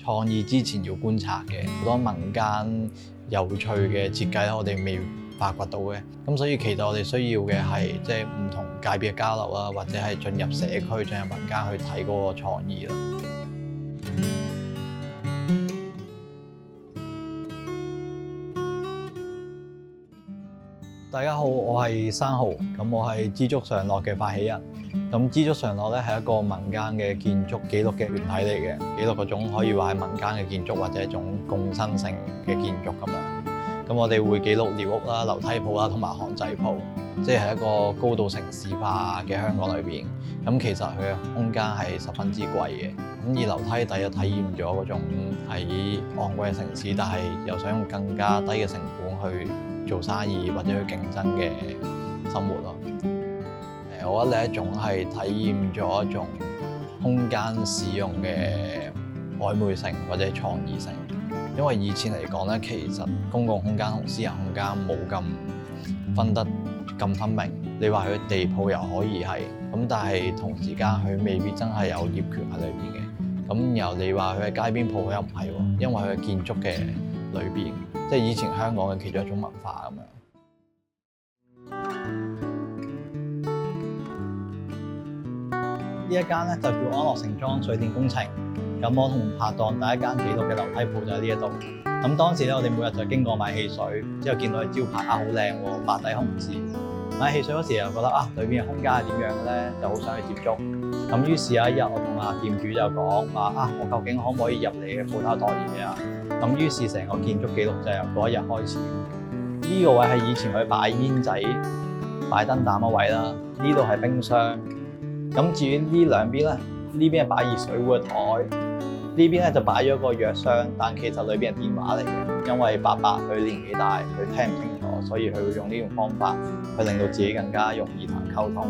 創意之前要觀察嘅好多民間有趣嘅設計咧，我哋未發掘到嘅，咁所以其實我哋需要嘅係即係唔同界別嘅交流啊，或者係進入社區、進入民間去睇嗰個創意啦。大家好，我係山豪，咁我係知足常樂嘅發起人。咁知足常樂呢，係一個民間嘅建築紀錄嘅團體嚟嘅，紀錄嗰種可以話係民間嘅建築或者一種共生性嘅建築咁樣。咁我哋會記錄寮屋啦、樓梯鋪啦，同埋巷仔鋪，即係一個高度城市化嘅香港裏邊。咁其實佢嘅空間係十分之貴嘅。咁而樓梯底又體驗咗嗰種喺昂貴嘅城市，但係又想用更加低嘅成本去做生意或者去競爭嘅生活咯。誒，我覺得呢一種係體驗咗一種空間使用嘅曖昧性或者創意性。因為以前嚟講呢，其實公共空間同私人空間冇咁分得咁分明。你話佢地鋪又可以係，但係同時間佢未必真係有業權喺裏面嘅。咁然後你話佢係街邊鋪，佢又唔係喎，因為佢係建築嘅裏邊，即係以前香港嘅其中一種文化咁樣。呢一間呢，就叫安樂城裝水電工程。咁我同拍檔第一間記錄嘅樓梯鋪就喺呢一度。咁當時咧，我哋每日就經過買汽水，之後見到佢招牌啊，好靚喎，白底紅字。買汽水嗰時又覺得啊，裏面嘅空間係點樣嘅呢？就好想去接觸。咁於是有一日我同阿店主就講啊，我究竟可唔可以入你嘅鋪頭代言啊？咁於是成個建築記錄就由嗰一日開始。呢個位係以前佢擺煙仔、擺燈膽嘅位啦。呢度係冰箱。咁至於呢兩邊呢？呢邊係擺熱水壺嘅台，呢邊咧就擺咗個藥箱，但其實裏邊係電話嚟嘅，因為伯伯佢年紀大，佢聽唔清楚，所以佢會用呢種方法去令到自己更加容易同人溝通。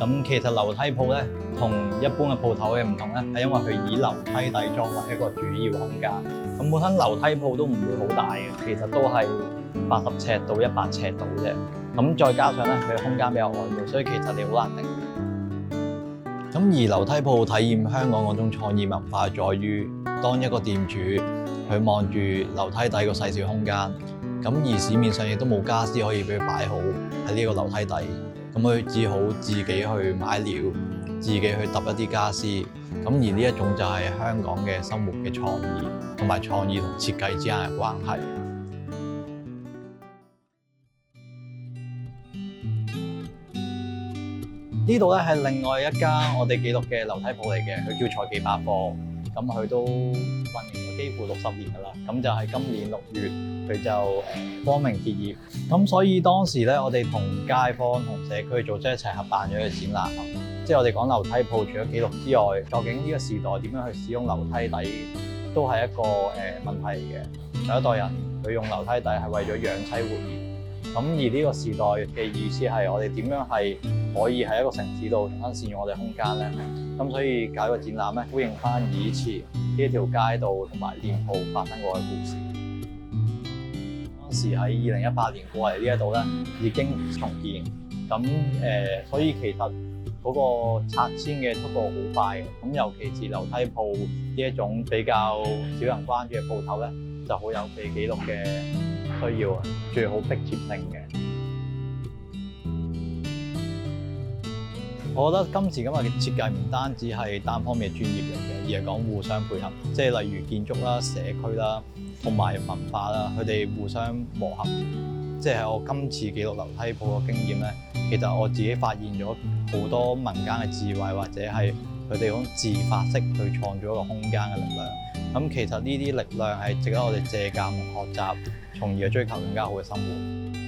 咁其實樓梯鋪咧同一般嘅鋪頭嘅唔同咧，係因為佢以樓梯底作為一個主要空間。咁本身樓梯鋪都唔會好大嘅，其實都係八十尺到一百尺度啫。咁再加上咧，佢空間比較狹窄，所以其實你好難定。咁而樓梯鋪體驗香港嗰種創意文化在於，在於當一個店主，佢望住樓梯底個細小，小空間，咁而市面上亦都冇家私可以俾佢擺好喺呢個樓梯底，咁佢只好自己去買料，自己去揼一啲家私，咁而呢一種就係香港嘅生活嘅創意，同埋創意同設計之間嘅關係。呢度咧係另外一家我哋記錄嘅樓梯鋪嚟嘅，佢叫賽記百貨，咁佢都運營咗幾乎六十年㗎喇，咁就喺今年六月佢就誒光榮結業，咁所以當時咧我哋同街坊同社區組織一齊合辦咗個展覽，即係我哋講樓梯鋪除咗記錄之外，究竟呢個時代點樣去使用樓梯底都係一個誒、呃、問題嚟嘅，有一代人佢用樓梯底係為咗養妻活業。咁而呢個時代嘅意思係，我哋點樣係可以喺一個城市度重新善用我哋空間咧？咁所以搞個展覽咧，呼應翻以前呢條街道同埋店鋪發生過嘅故事。當時喺二零一八年過嚟呢一度咧，已經重建。咁誒、呃，所以其實嗰個拆遷嘅速度好快嘅。咁尤其是樓梯鋪呢一種比較少人關注嘅鋪頭咧，就好有被記錄嘅。需要啊，最好逼切性嘅。我覺得今次今日嘅設計唔單止係單方面嘅專業嚟嘅，而係講互相配合。即係例如建築啦、社區啦、同埋文化啦，佢哋互相磨合。即係我今次記錄樓梯鋪嘅經驗咧，其實我自己發現咗好多民間嘅智慧，或者係佢哋嗰種自發式去創造一個空間嘅力量。咁其實呢啲力量係值得我哋借鑒同學習，從而追求更加好嘅生活。